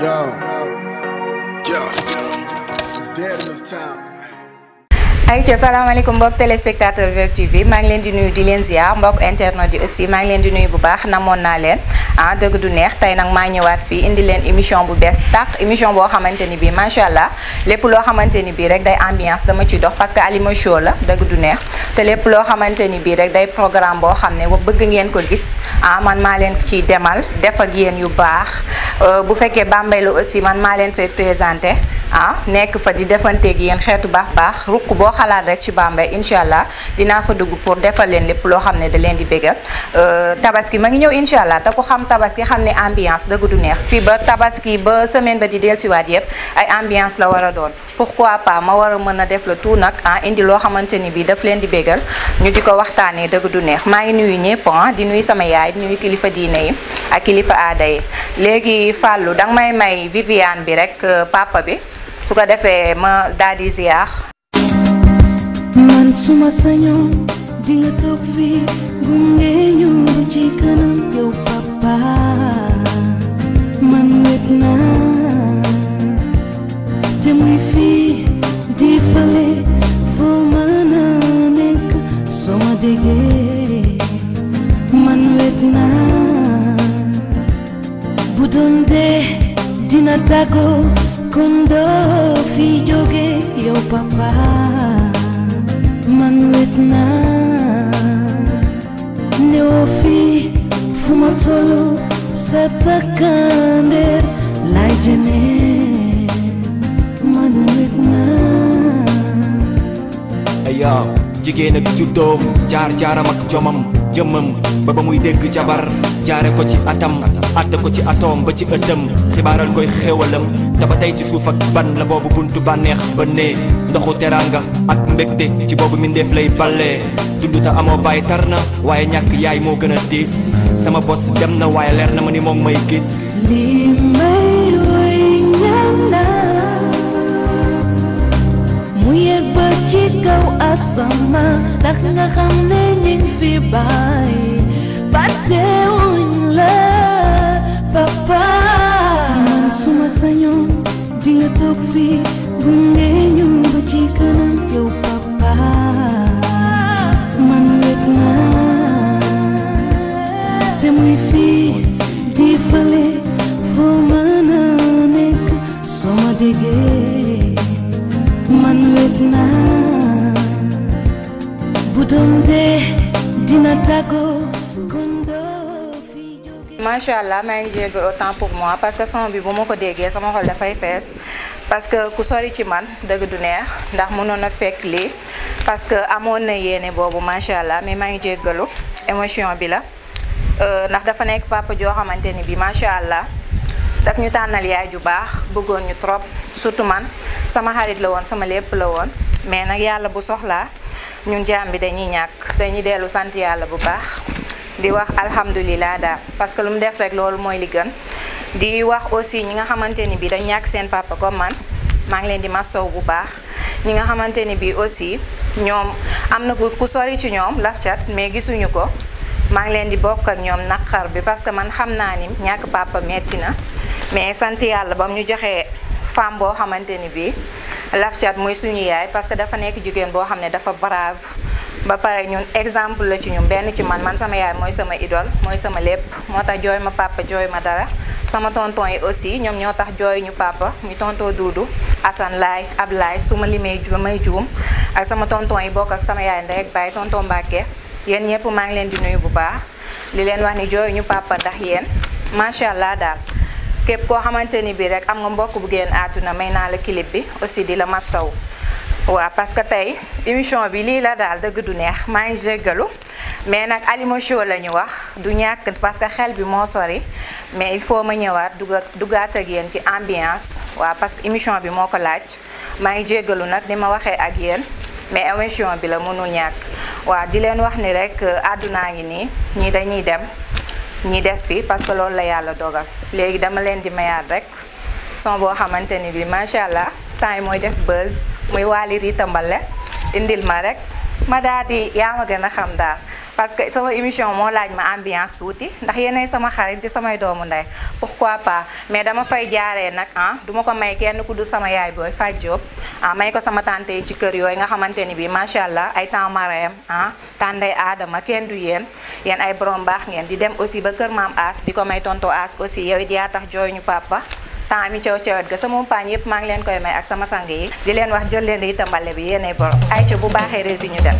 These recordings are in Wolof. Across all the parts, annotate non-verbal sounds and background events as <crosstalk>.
Yo. Yo. It's dead in this town. ayca salaamaaleykum mbokk téléspectateur Web TV maa ngi leen di nuyu di leen ziar mbokk internet yi aussi maa ngi leen di nuyu bu baax namoon naa leen ah dëgg du neex tey nag maa ñëwaat fii indi leen émission bu bees tàq émission boo xamante ni bii macha allah lépp loo xamante ni bii rek day ambiance dama ciy dox parce que Halima Show la dëgg du neex te lépp loo xamante ni bii rek day programme boo xam ne bëgg ngeen ko gis ah man maa leen ciy demal def ak yéen yu baax euh, bu fekkee Bambey la aussi man maa leen fay présenté ah nekk fa di defanteeg yéen xeetu baax xalaat rek ci Bambey inshallah allah fa dugg pour defal len lepp lo xamne da len di euh tabaski ma ngi ñew inshallah allah ko xam tabaski xamne ambiance deug du neex fi ba tabaski ba semaine ba di wat yeb ay ambiance la wara doon pourquoi pas ma wara a def le tout nak en ah, indi lo xamanteni bi daf len di beggal ñu diko waxtane deug du neex ma ngi nuyu ñepp han ah, di nuyu sama yaay di nuyu kilifa diine yi ak kilifa aada yi léegi Fallou danga may may Viviane bi rek euh, papa bi suka defé ma dadi ziar man suma sañoon dinga toog fi gunge ñu ci kanam yow papa man wet naa te muy fii di fale foo mën nekk soo ma man wet naa bu dee dina tàggoo kon doo fi jóge yow papa maintenant neofi fumatolu satakande lajene man maintenant ayo jigéen ak juddoom jaar-jaaram ak jomam jëmmam ba ba muy dégg jabar jaare ko ci atam atte ko ci atoom ba ci ëttam xibaaral koy xéewalam te ba tey ci suuf ak ban la boobu buntu bànneex ba nee ndoxu teranga ak mbégte ci boobu min def lay balle dund ta amoo bàyyi tar na waaye yaay moo gën a sama bos dem na waaye leer na ma ni may gis li na mu yëg ba ci kaw asama ndax nga xam ne ñu ngi fi bàyyi la papa man suma sañoon di nga toog fii ñu MashaAllah, cứ nắng papa autant pour moi parce que son bi ma sama xol parce que ku sori ci man deug du neex ndax ke a fekk parce que amone na bobu machallah mais ma ngi jéggalu émotion bi la euh, ndax dafa nek papa jo xamanteni ni bi machallah daf ñu tanal yaay ju baax bëggoon ñu trop surtout man sama xarit la won sama lepp la won mais nak yalla bu soxla ñun jaam bi dañuy ñak dañuy dellu sante yalla bu baax di wax alhamdullilah da parce que lu mu def rek lool moy li gën. di wax aussi ñi nga xamante ni bii dañ ñàkk seen papa ko man maa ngi leen di masaw bu baax ñi nga xamante ni bii aussi ñoom am na ku sori ci ñoom laf mais gisuñu ko maa ngi leen di bokk ak ñoom naqar bi parce que man xam naa ni ñàkk papa metti na mais sant yàlla ba mu ñu joxee femme boo xamante ni bii laf cat muy suñu yaay parce que dafa nekk jigéen boo xam ne dafa brave ba pare ñun exemple la ci ñun benn ci man man sama yaay mooy sama idole mooy sama lépp moo joy, ma papa joy, ma dara sama tonton yi aussi ñoom ñoo joy jooy ñu papa muy tonton Doudou asan lay, ab su ma limee ju may juum ak sama tonton yi bokk ak sama yaay ndey ak bàyyi tonton Mbàkke yéen ñëpp maa ngi leen di nuyu bu baax li leen wax ni joy ñu papa ndax yéen macha allah daal képp koo xamante bi rek am nga mbokk bu génn àdduna may la clip bi aussi di la mastaw waaw parce que tey émission bi lii la daal dëgg du neex maa ngi jéggalu mais nag Halima Show la ñu wax du ñàkk parce que xel bi moo sori mais il faut ma ñëwaat duga dugaat ak yéen ci ambiance waaw parce que émission bi moo ko laaj maa ngi jéggalu nag ni ma waxee ak yéen mais émission bi la mënul ñàkk waa di leen wax ni rek àddunaa ngi nii ñi dañuy dem ñi des fi parce que loolu la yàlla dogal léegi dama leen di mayaat rek son boo xamante ni bi macha allah. temps moy def buzz muy waali ritambale indil ma rek ma dadi di yaa ma xam da parce que sama émission mo laaj ma ambiance touti ndax yene sama xarit di sama doomu nday pourquoi pas mais dama fay jaaree nak ah duma ko may kenn ku du sama yaay boy fa job ah may ko sama tante ci kër yoy nga xamanteni bi machallah ay temps marayam ah tande adama kenn du yeen yeen ay borom bax ngeen di dem aussi ba kër mam As di ko may tonto As aussi yow it yaa tax jooy papa. temps mi coow coowet ga sama mpaañ yëpp maa ngi leen koy may ak sama sang yi di leen wax jël leen yi tambale bi yéenay borom ay ca bu baaxee rési ñu dem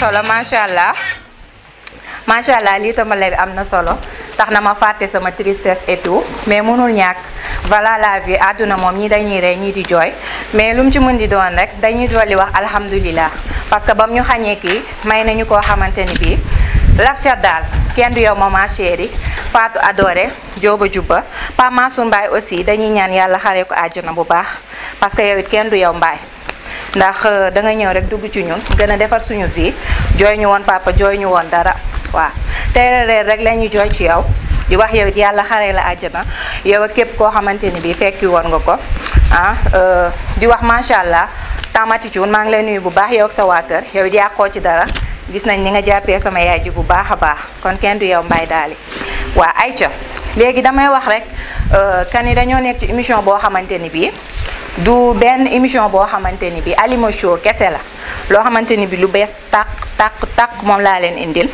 solo macha allah macha allah lii tambale bi am na solo tax na ma fàtte sama tristesse et mais mënul ñàkk voilà la vie àdduna moom ñi dañuy rey ñii di jooy mais lu mu ci mën di doon rek dañuy dolli wax alhamdulilah parce que bam ñu xañee kii may nañu koo xamante ni bii laf ca daal kenn du yow maman chérie faatu Adoré Jooba Jubba Pa Mansour Mbaye aussi dañuy ñaan yàlla xaree ko na bu baax parce que yow it kenn du yow Mbaye ndax euh, da nga ñëw rek dugg ci ñun gën a defar suñu fii jooy ñu woon papa jooy ñu woon dara waaw tey reer rek la ñuy jooy ci yow di wax yow yàlla xare la àjjana yow ak képp koo xamante ni bii fekki woon nga ko ah euh, di wax macha allah tamati cuun maa ngi lay nuyu bu baax yow ak sa waa kër yow yàqoo ci dara gis nañ ni nga jàppee sama yaay ji bu baax a baax kon kenn du yow mbay daali waa ayca léegi damay wax rek kani euh, dañoo nekk ci émission boo xamante ni bii. du benn émission boo xamante ni bi Halima Show kese la loo xamante ni bi lu bees tàq tàq tàq moom laa leen indil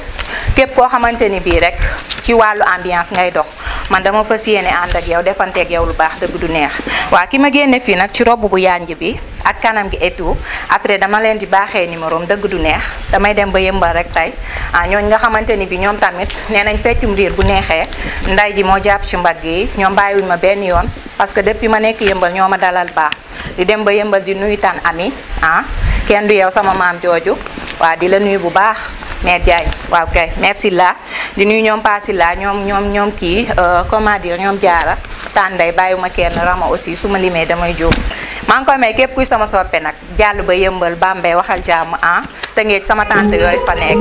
képp koo xamante ni bii rek ci wàllu ambiance ngay dox man dama fas yéene ànd ak yow defanteeg yow lu baax dëgg du neex waa ki ma génne ci bu yanj bi ak kanam gi après dama di baaxee numéro am dëgg du neex damay dem ba yëmbal rek ah nga ni bi tamit nee nañ feccum riir bu neexee nday ji moo jàpp ci mbagg yi ñoom bàyyiwuñ ma benn yoon parce que depuis ma nekk dalal baax di dem ba yëmbal di nuyu tan ami ah kenn du yow sama mam jooju wa di la nuyu bu baax mère Diagne waaw kay merci la di ñom passi la ñom ñom ñom ki euh comment dire ñom jaara tànday bayuma kenn rama aussi suma limé damay jóg maa ngi koy may kep kuy sama soppé nak jallu ba yëmbal Bambey waxal jàmm ah te ngeek sama tante yoy fa nekk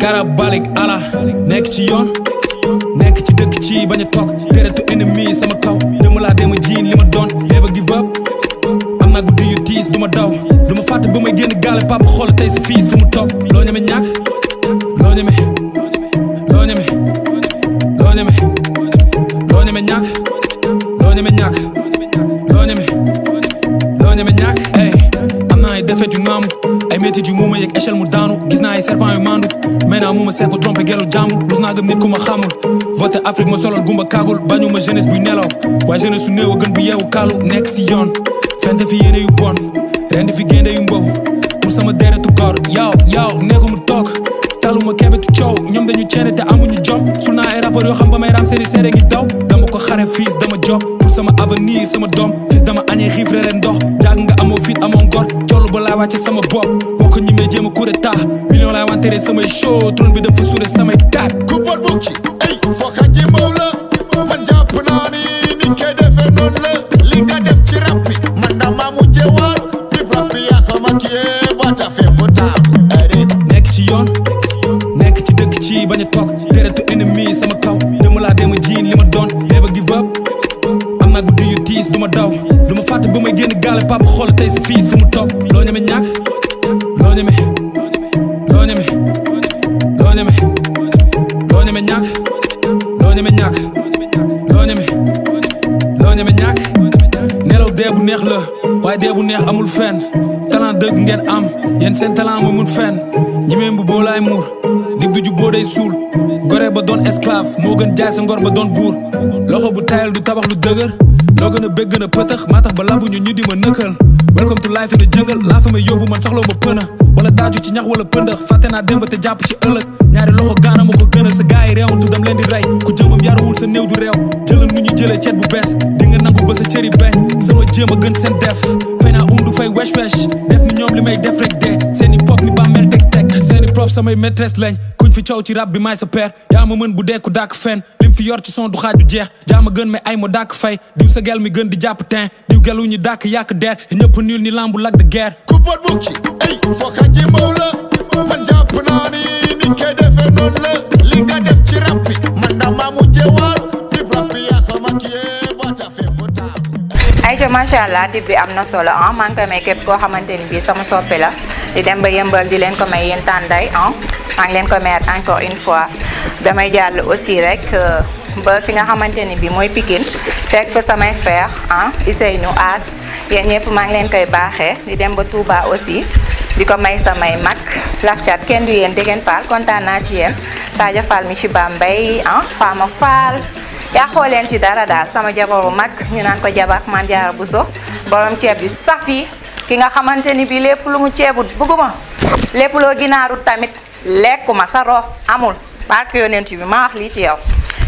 karabalik ala nekk ci next nekk ci dekk ci baña tok tere tu galé pap xol tay sa fils fu mu top lo ñame ñak lo ñame lo ñame lo ñame lo ñame ñak lo ñame ñak lo ñame lo ñame ñak hey am naa ay défaite yu maamu ay metti yu muuma yeeg échelle mu daanu gis na ay serpent yu maandu maintenant mu ma seet trompé gelu jamu rus na gëm nit ku ma xamul voté Afrique ma solol gumba kagul bañu ma jeunesse bu nelaw wa jeunesse su néew gën bu yewu kalu nek ci yoon fente fi yene yu bon rend fi gende yu mbaw buur sama deretu góor yow yow neexu mu toog taluma kebetu coow ñoom dañu ceene te amuñu jom sul naa ay a yoo xam ba may raam seeni seere ngi daw dama ko xare fiis dama job pour sama avenir sama doom fiis dama añee xiif reere ndox jàng nga amoo fit amoo ngor collu ba laay wàcce sama bopp woo ko ñi mee jéem a kuré taax million laay wanteere samay show trône bi dafa suure samay taat ku bot bukki ay foo la yéen seen talent mooy mun fenn ñimeen bu boo laay muur nit du jub suul gore ba doon esclave moo gën jaay sa ngor ba doon buur loxo bu tayal du tabax lu dëgër loo gën a bëgg na a pëtëx maa tax ba labuñu ñu di ma nëkkal welcome to life in the jungle laa fa may yóbbu man soxla ma pëna wala daaju ci ñax wala pëndëx te naa ba te jàpp ci ëllëg ñaari loxo gaana ma ko gënal sa gaay yi réewantu dam leen di rey ku jëmam yarawul sa néew du réew jëlan nu ñu jëlee ceet bu bees di nga nangu ba sa cëri beeñ sama jéem a gën seen def fay naa undu fay wesh wesh def ni ñoom li may def rek dee seeni pop ni bàmmeel teg teg seeni prof samay maîtresse lañ buñ fi coow ci rab bi maay sa yaa ma mën bu deeku dàkk fen lim fi yor ci son du xaaju jeex jaa ma gën mais ay ma dàkk fay diw sa gel mi gën di jàpp ten diw gelu ñu dàkk yàq der ñëpp niil ni lambu lak de guerre ku bët bukki ay foo xaji maw la man jàpp naa ni ni kee defee noonu la li nga def ci rab bi man dama mujjee waaru ayca macha allah dib bi am na solo ah maa ngi koy may képp koo xamante ni bii sama soppe la di dem ba yëmbal di leen ko may yéen tànday ah. maa ngi leen ko mayaat encore une fois damay jàll aussi rek euh, ba fi nga xamante ni bii mooy Pikine fekk fa samay frère ah Iseynou As yéen ñëpp maa ngi leen koy baaxee di dem ba Touba aussi di ko may samay mag lafcat kenn du yéen dégg ngeen kontaan naa ci yéen Sadio Fall mi ci Bambey ah Fama Fall. Ya, xolen ci dara da sama bu mag ñu nan ko jabar man bu buso borom ciéb yu safi ki nga xamanteni bi lepp lu mu ciébut bëgguma lepp lo ginaaru tamit lekuma sa roof amul barke yonent bi ma wax li ci yow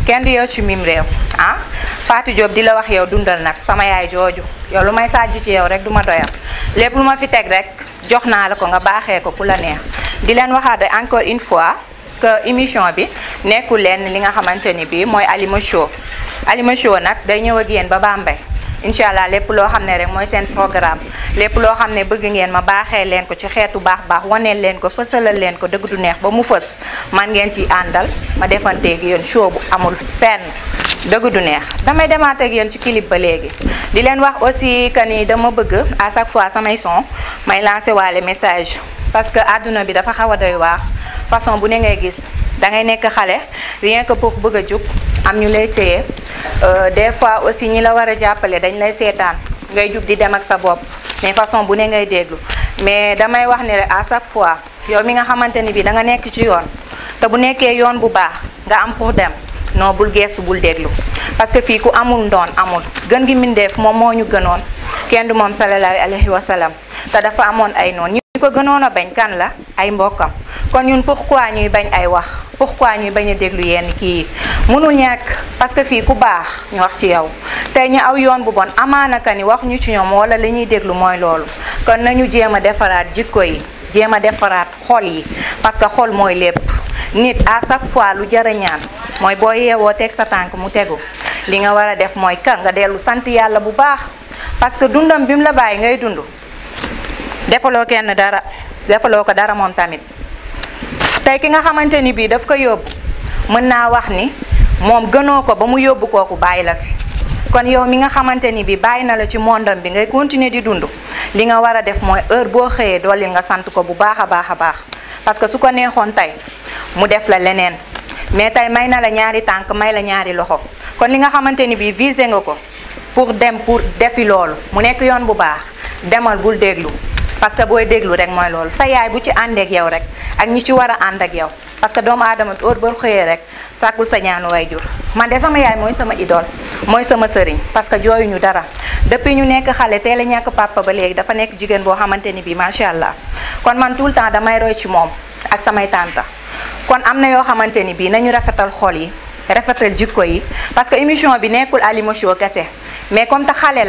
kenn di yow ci mim rew ah Fatou job di la wax yow dundal nak sama yaay joju yow lu may sajj ci yow rek duma ma doyal lepp lu ma fi tek rek jox la nga baxé ko kula neex di leen waxaat encore une fois que émission bi nekkul leen li nga xamanteni bi moy alima Show alima Show nak day ñëw ak yeen ba Bambey inshallah lepp lo loo rek moy sen programme lepp lo xam bëgg ngeen ma baxé len ko ci xéetu bax bax woné len ko fësalal len ko dëgg du neex ba mu fës man ngeen ci andal ma ak yeen show bu amul fenn dëgg du neex damay ak yeen ci clip ba légui di len wax aussi que ni dama bëgg à chaque fois samay son may lancer walé message parce que aduna bi dafa xawa doy wax façon bu ne ngay gis da ngay nek xalé rien que pour bëgg juk am ñu lay euh des fois aussi ñi la wara jappalé dañ lay ngay juk di dem ak sa bop mais façon bu ne ngay déglu mais damay wax né à chaque fois yow mi nga xamanteni bi da nga nek ci yoon té bu nekké yoon bu baax nga am pour dem no bul geesu bul déglu parce que fi ku amul ndon amul gën gi mindeef mom moo ñu kenn du mom sallallahu alayhi wa sallam ta dafa amone ay non ko gënoon a bañ kan la ay mbokkam kon ñun pourquoi ñuy bañ ay wax pourquoi ñuy bañ a déglu yenn kii mënul ñàkk parce que fii ku baax ñu wax ci yow tey ñu aw yoon bu bon amaana ka ni wax ñu ci ñoom wala li ñuy déglu mooy loolu kon nañu jéem a defaraat jikko yi jéem a defaraat xol yi parce que xol mooy lépp nit à chaque fois lu jar mooy boo yeewoo teg sa tànk mu tegu li nga war a def mooy ka nga dellu sant yàlla bu baax parce dundam bi la bàyyi ngay dund defaloo kenn dara defaloo ko dara moom tamit tey ki nga xamante ni bii daf ko yóbbu mën naa wax ni moom gënoo ko ba mu yóbbu kooku bàyyi la fi kon yow mi nga xamante ni bii bàyyi na la ci mondam bi ngay continuer di dund li nga war a def mooy heure boo xëyee doolil nga sant ko bu baax a baax a baax parce que su ko neexoon tey mu def la leneen mais tey may na la ñaari tànk may la ñaari loxo kon li nga xamante ni bii visé nga ko pour dem pour defi loolu mu nekk yoon bu baax demal déglu. parce que booy déglu rek mooy loolu sa yaay bu ci àndeek yow rek ak ñi ci war a ànd ak yow parce que doomu aadama óor boo xëyee rek sàkkul sa ñaanu way jur man de sama yaay mooy sama idole mooy sama sëriñ parce que jooyuñu dara depuis ñu nekk xale teel a ñàkk papa ba léegi dafa nekk jigéen boo xamante ni bii macha allah kon man tout le temps damay roy ci moom ak samay tànta kon am na yoo xamante ni bii nañu rafetal xol yi rafetal jikko yi parce que émission bi nekkul Alima Show kese mais comme te xale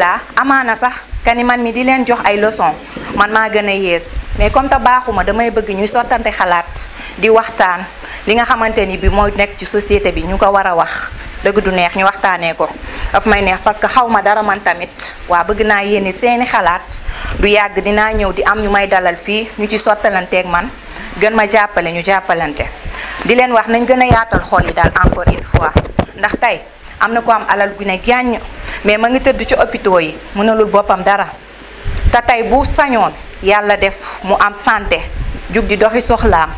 sax. kani man mi di leen jox ay leçon man maa gën a yees mais comme te baaxuma damay bëgg ñuy sottante xalaat di waxtaan li nga xamante ni bi mooy nekk ci société bi ñu ko war a wax dëgg du neex ñu waxtaanee ko daf may neex parce que xaw ma dara man tamit waa bëgg naa yéen it seeni xalaat du yàgg dinaa ñëw di am ñu may dalal fii ñu ci sottalanteeg man gën ma jàppale ñu jàppalante di leen wax nañ gën a yaatal xool yi daal encore une fois ndax tey am na ko am alal gu ne gàññ mais ma ngi tëdd ci hôpitaux yi mënalul boppam dara te tey bu sañoon yàlla def mu am santé jug di doxi soxlaam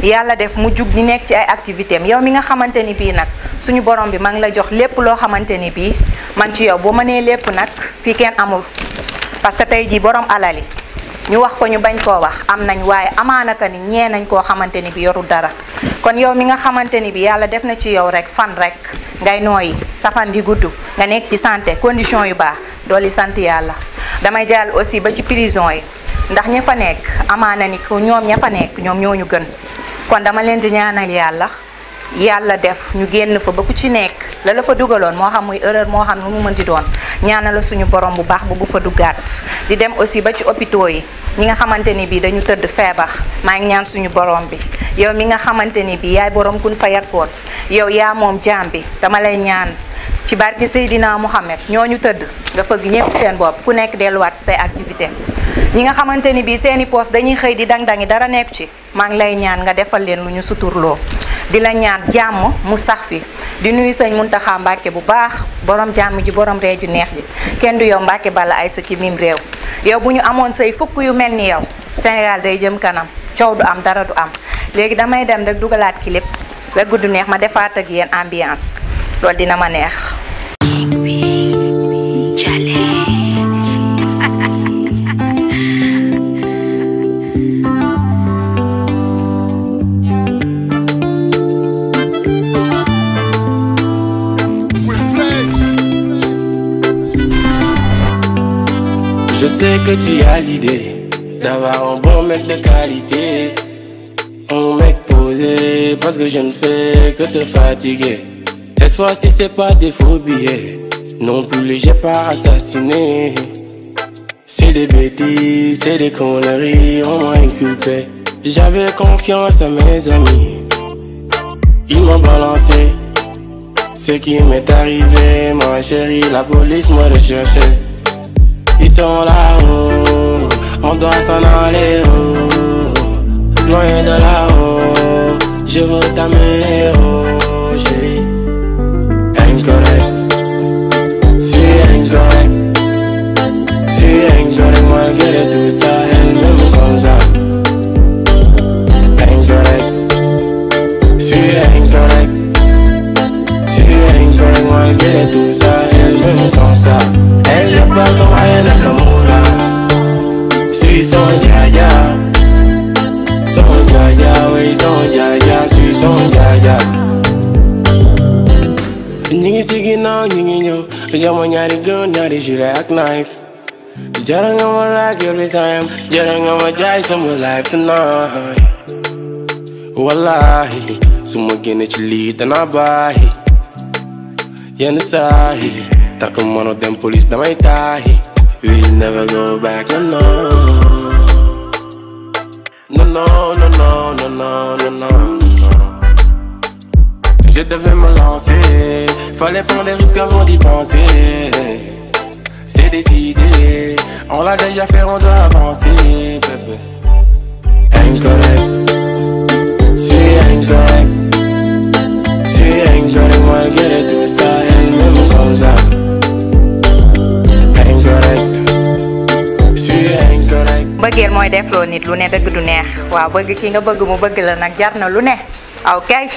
yàlla def mu jug di nekk ci ay activités am yow mi nga xamante ni bii nag suñu borom bi ma ngi la jox lépp loo xamante ni bii man ci yow boo mënee lépp nag fii kenn amul parce que tey jii borom alal ñu wax ko ñu bañ koo wax am nañ waaye amaanaka ka ni ñee nañ koo xamante ni bi yoru dara kon yow mi nga xamante ni bi yàlla def na ci yow rek fan rek ngay nooyi sa fan di gudd nga nekk ci santé condition yu baax dooli sant yàlla damay jall aussi ba ci prison yi ndax ña fa nekk amaana ni ñoom ña fa nekk ñoom ñoo ñu gën kon dama leen di ñaanal yàlla yalla def ñu genn fa ba ku ci nekk la la fa dugaloon mo xam muy erreur mo xam lu mu mënti doon ñaana la suñu borom bu baax bu bu fa duggat di dem aussi ba ci hôpitaux yi ñi nga xamanteni bi dañu teud febar ma ngi ñaan suñu borom bi yow mi nga xamanteni bi, yaay borom kun fa yakkoon yow ya mom jambi bi dama lay ñaan ci barke sayidina Mohamed ñoñu teud nga fëgg ñepp seen bop ku nekk wat say activité ñi nga xamanteni bi seeni poste dañuy xey di dang-dangi dara nekk ci ma ngi lay ñaan nga defal len luñu suturlo dina ñaan jàmm mu sax fi di nuyu sëñ Muntaxa Mbàkke bu baax borom jàmm ji borom ree ju neex ji kenn du yow Mbàkke bala ay sa ci mim réew yow bu ñu amoon say fukk yu mel ni yow Sénégal day jëm kanam coow du am dara du am léegi damay dem rek dugalaat clip rek du neex ma defaat ak yéen ambiance loolu dina ma neex. sais que tu as l'idée d'avoir un bon mec de qualité. Un mec posé, parce que je ne fais que te fatiguer. Cette fois-ci, c'est pas des faux billets. Non plus, j'ai pas assassiné. C'est des bêtises, c'est des conneries, on m'a inculpé. J'avais confiance à mes amis. Ils m'ont balancé. Ce qui m'est arrivé, ma chérie, la police m'a recherché on doit s'en aller haut, loin de là-haut. Je veux t'amener haut, chérie. Incorrect, suis incorrect, suis incorrect malgré tout ça. Rapper kama Aya Nakamura Suis son jaja Son jaja, wey son jaja Suis son jaja Nyingi sigi na nyingi nyo Jamo nyari gun nyari shira ak knife Jaran nga ma rock every time Jaran nga ma jay sama life tonight Wallahi Suma gene ci lii danaa baaxi Yenn saa yi Talk on one of them police, that might die. We'll never go back, no, no. No, no, no, no, no, no, no, no. Je devais me lancer, fallait prendre des risques avant d'y penser. C'est décidé, on l'a déjà fait, on doit avancer, bébé. Incorrect, suis incorrect, suis incorrect malgré tout ça, elle m'aime comme ça. mbëggeel mooy defloo nit lu ne dëgg du neex waaw bëgg ki nga bëgg mu bëgg la nag jar na lu ne aw kay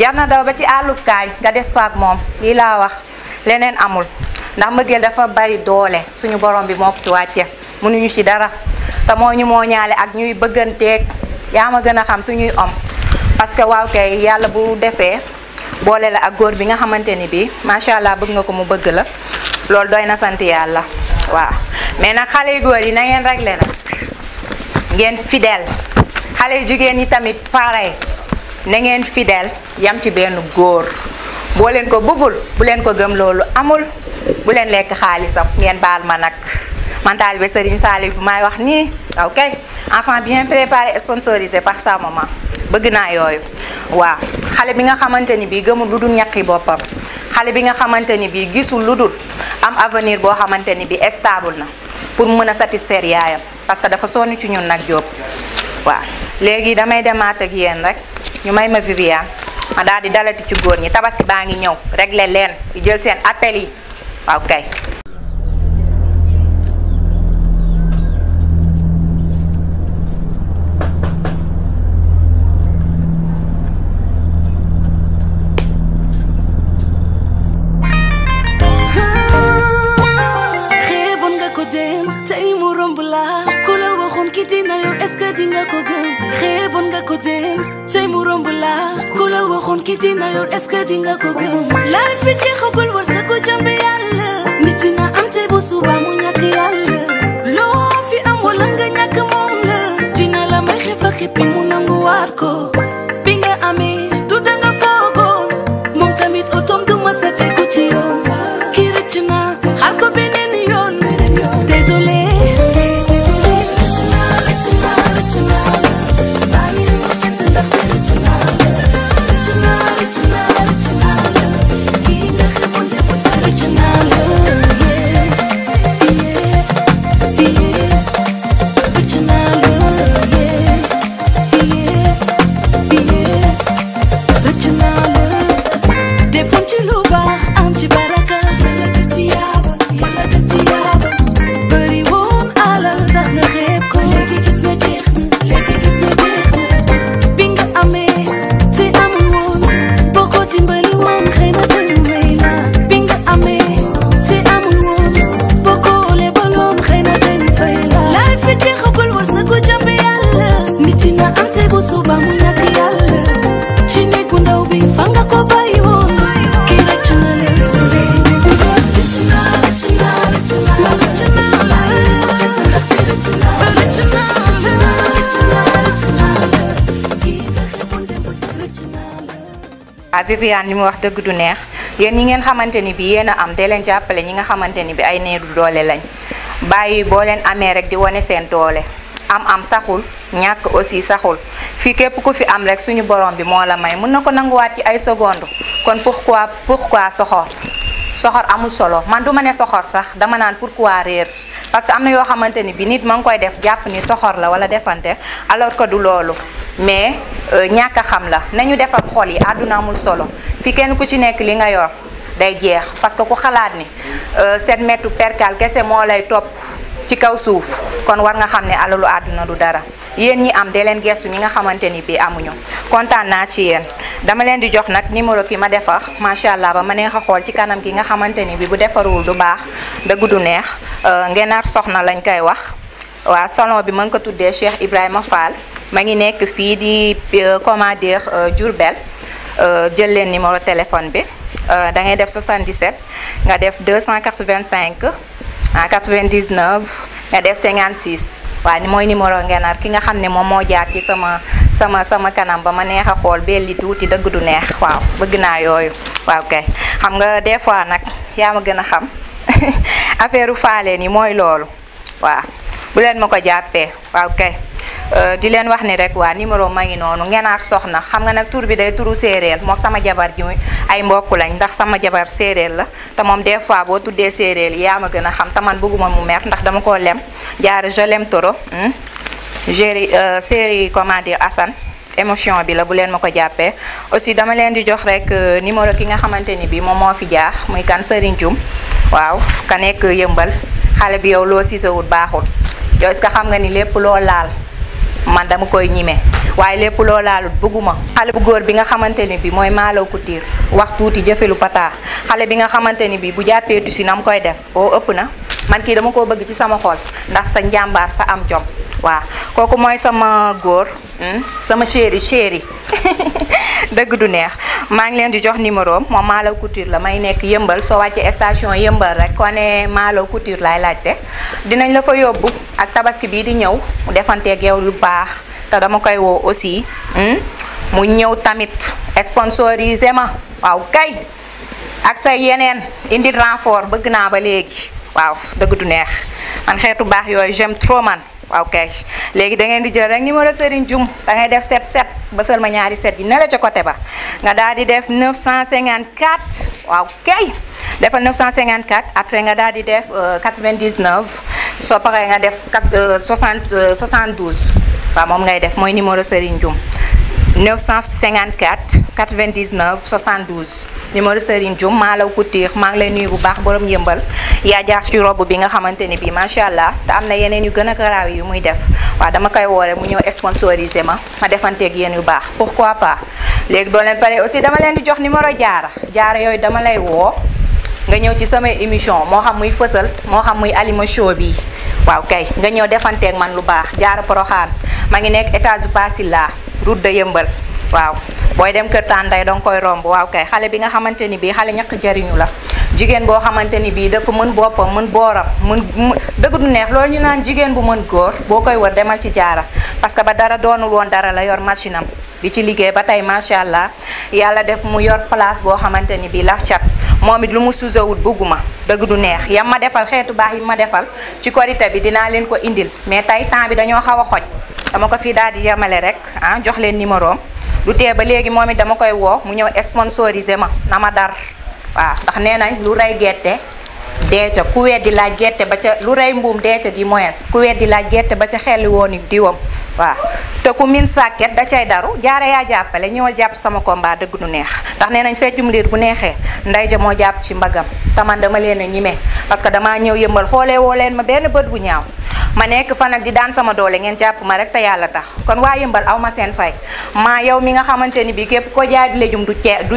jar na daw ba ci àllub kaay des fa moom lii laa wax leneen amul ndax mbëggeel dafa bari doole suñu borom bi moo ci wàcce mënuñu ci dara te moo ñu moo ñaale ak ñuy bëgganteeg yaa ma gën a xam suñuy om parce que waaw kay yàlla bu defee boole la ak góor bi nga xamante ni bii macha allah bëgg nga ko mu bëgg la loolu doy na sant yàlla waaw mais nag xale ngeen fidèle xalé jigen ni tamit pareil na ngeen fidèle yam ci benn goor bo len ko bëggul bu len ko gëm lolu amul bu leen lekk xaalisam ngeen baal ma nak man talibé Serigne Salif bu may wax ni ok enfant bien préparé sponsorisé par sa maman bëgg na yooyu wa xalé bi nga xamanteni bi bii gëmul lu dul ñaqi boppam bi nga xamanteni bi gisul lu am avenir bo xamanteni teni bi stable na pour mën a satisfaire yaayam parce que dafa sonn ci ñun nag Diop waaw léegi damay demaat ak yéen rek ñu may ma Viviane ma daal di dalati ci góor ñi tabaski baa ngi ñëw régler leen di jël seen appel yi waaw kay bon nga ko dem say mu romb laa ku la waxoon ki dina yor est-ce que dinga ko gëm laay fi jeexagul war sa ko jàmbe yàlla nit dina am te bu suba mu ñàkk yàlla loo fi am wala nga ñàkk moom la dina la may xefa xippi mu nanguwaat ko Viviane li mu wax dëgg du neex yéen ñi ngeen xamante ni bi yéen am dee leen jàppale ñi nga xamante ni bi ay néew doole lañ bàyyi boo leen amee rek di wane seen doole am am saxul ñàkk aussi saxul fii képp ku fi am rek suñu borom bi moo la may mun na ko nanguwaat ci ay seconde kon pourquoi pourquoi soxor soxor amul solo man du ma ne soxor sax dama naan pour quoi réer parce que am na yoo xamante ni bi nit ma ngi koy def jàpp ni soxor la wala defante alors que du mais euh, ñaka xam la nañu defal xol yi aduna amul solo fi kenn ku ci nek li nga yor day jeex parce que ku xalaat ni euh, set metu percal kesse mo lay top ci kaw suuf kon war nga xamne alalu aduna du dara yen ñi am de len gessu ñi nga xamanteni bi amuñu contane na ci yeen dama len di jox nak numéro ki ma defax ma Allah ba mané xa xol ci kanam gi nga xamanteni bi bu defarul du baax da gudu neex euh, ngeenar soxna lañ kay wax wa salon bi man ko tuddé Cheikh Ibrahima Fall ma ngi nekk di euh, comment euh, dire euh jël len numéro téléphone bi euh, da ngay def 77 nga def 285 99 ah, nga def 56 ni moy numéro ngénar ki nga xamné mom mo jaar ci sama sama sama kanam ba ma nexa xol beli belli tuuti dëgg du neex wa bëgg na yooyu wa kay xam nga des fois nak ya ma gëna xam <laughs> affaireu u ni moy mooy wa bu len mako jappé wa kay Eh, di len wax ni rek wa numéro ma ngi nonu ngenaar soxna xam nga nak tour bi day turu séeréer mok sama jabar gi ay mbokk lañ ndax sama jabar séeréer la ta mom des fois bo tuddé séeréer ya ma gëna xam ta man bëgguma mu mer ndax dama ko lem jaar je lem toro géri série comment dire Assane émotion bi la bu len mako jappé aussi dama len di jox rek euh, numéro ki nga xamanteni bi mom mo fi jaax muy kan Serigne djum waw ka nek yëmbal xalé bi yow loo sisewut baxul yow est-ce xam nga ni lepp lo laal man dama koy ñime waaye lépp loo laalut bëgguma xale bu góor bi nga xamante ni bi mooy maalaw ku tiir wax tuuti jëfelu pataa xale bi nga xamante ni bi bu jàppee tusi na mu koy def oo ëpp na man kii dama koo bëgg ci sama xol ndax sa njàmbaar sa am jom waa kooku mooy sama góor hmm? sama chéri chéri <laughs> dëgg du neex maa ngi leen di jox numéro moom Malo Couture la may nekk yëmbal soo wàccee estation yëmbal rek koo ne Malo Couture laay laajte dinañ la fa yóbbu ak tabaski bii di ñëw mu defanteeg yow lu baax te dama koy woo aussi hmm? mu ñëw tamit sponsorisé ma waaw kay ak sa yeneen indi renfort bëgg naa ba léegi waaw dëgg du neex man xeetu baax yooyu j'aime trop waaw kay léegi dangeen di jël rek numéro Serigne jum da ngay set 77 ba sal ma ñaari 7 yi ne la ca côté ba nga daal di def 954 waaw kay defal 954 après nga daal di def 99 euh, soo paree nga def 60 72 euh, euh, waaw moom ngay def mooy numéro Serigne Dioum. 954 99 72 numéro Serigne Dioum Malaw Couture maa ngi lay nuyu bu baax borom yëmbal yaa jaar ci robe bi nga xamante ni bii macha allah te am na yu yu muy def dama mu ma ma yu pourquoi pas léegi boo leen paree aussi dama leen di jox numéro jaara jaara yooyu dama lay woo nga ñëw ci samay émission moo xam muy fësal moo xam muy alima show bi waaw kay nga man lu ma ngi nek étage du Passila route de yëmbal waaw booy dem kër tànday danga koy romb waaw kay xale bi nga xamante ni bii xale ñaq jariñu la jigéen boo xamante ni bii dafa mën boppam mën booram mën dëgg du neex loolu ñu naan jigéen bu mën góor boo koy wër demal ci jaara parce que ba dara doonul woon dara la yor machine am di ci liggéey ba tey macha allah yàlla def mu yor place boo xamante ni bii laf cat moom it lu mu suusawut bugguma dëgg du neex yam ma defal xeetu baax yi ma defal ci ko indil mais ma ko fi daal di yemale rek ah, jox leen numéro am du tee ba léegi moom it dama koy woo mu ñëw sponsorisé ma na ma dar waaw ndax nee nañ lu rey gerte deeca ku weddi laaj gerte ba ca lu rey mbuum deeca di moyes ku weddi laaj gerte ba ca xelli woon it diwam waaw te ku min sàkket da cay daru jaare yaa jàppale ñëwal jàpp sama combat dëgg du neex ndax nee nañ feccum liir bu neexee nday ja moo jàpp ci mbagam te man dama leen a ñime parce que damaa ñëw yëmbal xoolee woo leen ma benn bët bu ñaaw ma nekk fa nak di daan sama doole ngeen japp ma rek ta. yalla tax kon waye mbal awma ma fay ma yow mi nga xamanteni bi kep ko jaay ya di lejum du ceeb du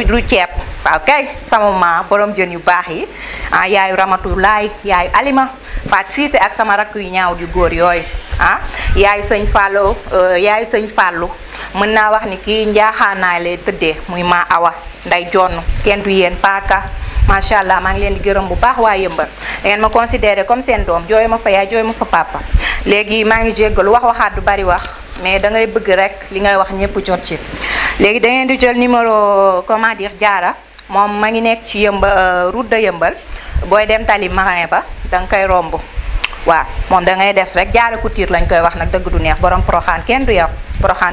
sama ma borom jën yu bax yi ah yaayu lay yaayu alima fat siise ak sama rak yu ñaaw di góor yoy ah yaayu seigne fallo eh, yaayu seigne fallo mën na wax ni ki njaaxaanaay lay tëddee muy ma awa nday jonne kenn yeen paka macha allah maa ngi leen di gërëm bu baax waa yëmbal ngeen ma considéré comme seen doom jooy ma fa yaay jooy ma fa papa léegi ma ngi jéggalu wax waxaat du bari wax mais da ngay bëgg rek li ngay wax ñëpp jot ci léegi da ngeen di jël numéro comment dire jaara ma ngi nek ci euh, route de dem tali marin ba da rombo, koy romb waaw da ngay def rek jaara couture lañ koy wax nag dëgg du neex borom du yow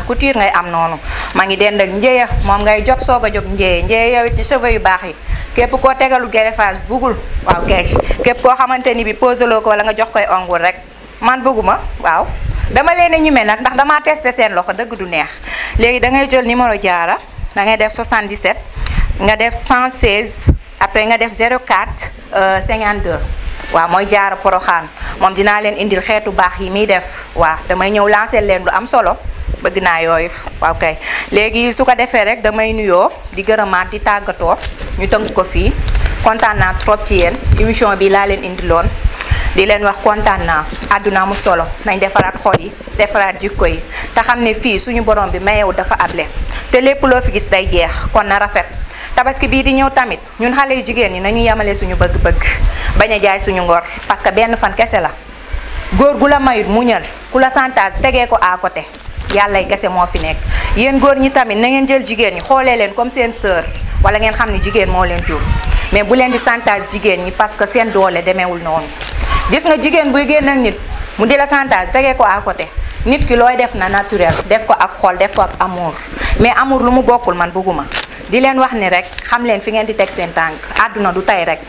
ku tir ngay am nonu ma ngi dend ak njëya mom ngay jot soga jog jóg njëya yow ci cheveux yu bax yi kep ko tegalu greffage bugul waaw kesh kep ko xamanteni ni bi poseloo ko wala nga jox koy e ongul rek man buguma waaw dama leen a ñime nag ndax dama tester sen loxo deug du neex legi da ngay jël numéro jaara da ngay def 77 nga def 116 après nga def 04 euh 52 waaw mooy jaara poroxaan moom dinaa leen indil xeetu baax yi muy def waaw damay ñëw lancer leen lu am solo bëgg naa yooyu waaw kay léegi su ko defee rek damay nuyoo di gërëmaat di tàggatoo ñu tënk ko fii kontaan naa trop ci yéen émission bii laa leen indiloon di leen wax kontaan naa àdduna mu solo nañ defaraat xool yi defaraat jikko yi te xam ne fii suñu borom bi mayewu dafa able te lépp loo fi gis day jeex kon na rafet tabaski bi di ñew tamit ñun xalé yu jigéen ñi nañu yamalé suñu bëgg-bëgg baña jaay suñu ngor parce que benn fan kessé la gor gu la mayut ñal ku la santage tégué ko à côté ay kessé mo fi nek yeen gor ñi tamit na ngeen jël jigen ni xolé leen comme sen sœur wala ngeen xamni jigen mo leen jur mais bu leen di santage jigen ni parce que sen doole demeewul non gis nga jigen bu santas ak nit mu di la santage tégué ko à côté nit ki loy def na naturel def ko ak xol def ko ak amour mais amour lu mu bokul man buguma. di leen wax ni rek xam leen fi ngeen di teg seen tànk àdduna du tey rek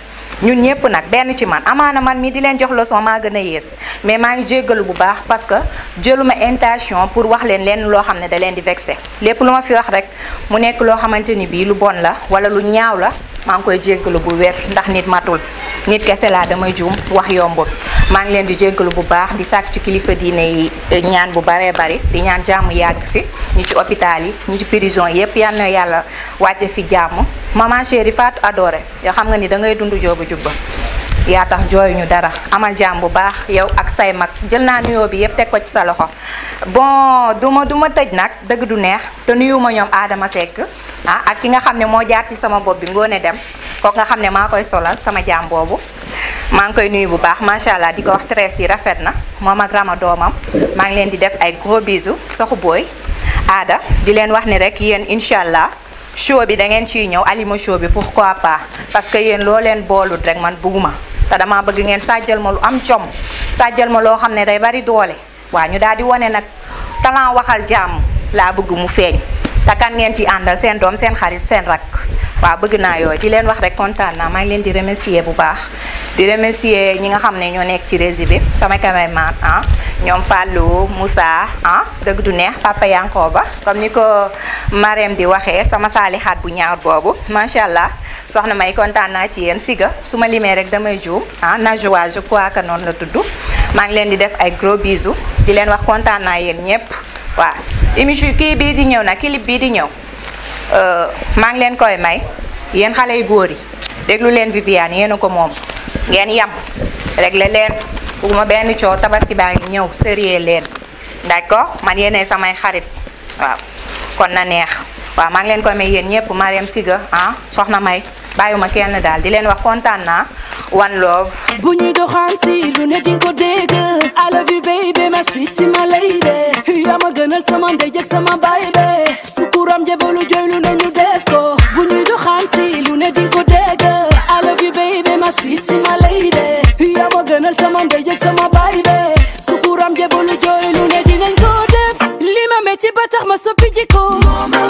ñun ñëpp nag benn ci man amaana man mi di leen jox leçon maa gën a yees mais maa ngi jéggalu bu baax parce que jëluma intention pour wax leen leen loo xam ne da leen di vexé lépp lu ma fi wax rek mu nekk loo xamante ni bii lu bon la wala lu ñaaw la maa ngi koy jéggalu bu wér ndax nit matul nit kese laa damay juum wax yombul maa ngi leen di jéggalu bu baax di sàkk ci kilifa diine yi ñaan bu baree bari di ñaan jàmm yàgg fi ñi ci hôpital yi ñi ci prison yépp yal na yàlla wàcce fi jàmm Mama chérie fatou adoré ya xam nga ni da ngay dundu jobu jubba ya tax ñu dara amal jam bu baax yow ak say mak jël na nuyo bi yépp teg ko ci sa loxo bon duma duma tej nak deug du neex te nuyuma ñom adama sek ah ak ki nga xamne mo jaar ci sama bopp bi dem ko nga xamne ma koy solal sama jam bobu ma ngi koy nuyu bu baax macha allah di wax très si rafet na mom ak rama domam ma ngi len di def ay gros bisous soxu boy ada di len wax ni rek yeen inshallah allah show bi da ngeen ciy ñëw alima show bi pourquoi pas parce que yéen loo leen boolut rek man bëgguma te damaa bëgg ngeen sàjjal ma lu am jom sàjjal ma loo xam ne day bari doole waa ñu daal di wane nag talent waxal jàmm laa bëgg mu feeñ. Takkan ngeen ci andal seen dom seen xarit seen rak wa bëgg na yo di leen wax rek kontaan na ma ngi leen di remercier bu baax di remercier ñi nga xamne ño ci sama cameraman ah ñom fallu Moussa ah deug du neex papa ba comme niko marem di waxe sama salihat bu ñaar ma macha allah soxna may kontaan na ci yeen siga suma ma rek damay juum ah joie je crois que non la tuddu ma ngi leen di def ay gros bisous di leen wax kontaan na yeen imi émission kii bi di ñew nag clip bi di euh ma ngi leen koy may yeen xalé yi góor yi déglu leen Viviane yeen ko mom ngeen yam réglé leen bugguma benn coow tabaski ba ngi ñew sérieux leen d'accord man yéenay samay xarit wa kon na neex wa ma ngi leen koy may yeen ñepp Mariam Siga ah soxna May bàyyiwuma kenn daal di leen wax kontaan naa one love. bu ñuy doxaan si lu ne di nga ko dégg I love you baby ma sweet ma lay de yaa ma gënal sama ndey ak sama baay de sukuram jébalu jooy lu ne ñu def ko love you baby ma sweet ma lay de yaa ma gënal sama ndey ak sama baay de sukuram jébalu jooy lu ne dinañ def li ma métti ba ma soppi